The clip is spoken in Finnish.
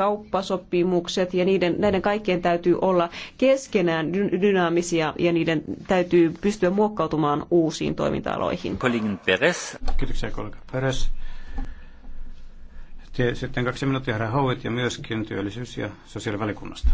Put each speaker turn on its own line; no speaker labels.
kauppasopimukset ja niiden, näiden kaikkien täytyy olla keskenään dynaamisia ja niiden täytyy pystyä muokkautumaan uusiin toiminta-aloihin.
Kiitoksia kollega Peres. Sitten kaksi minuuttia herra Howitt ja myöskin työllisyys- ja sosiaalivalikunnasta.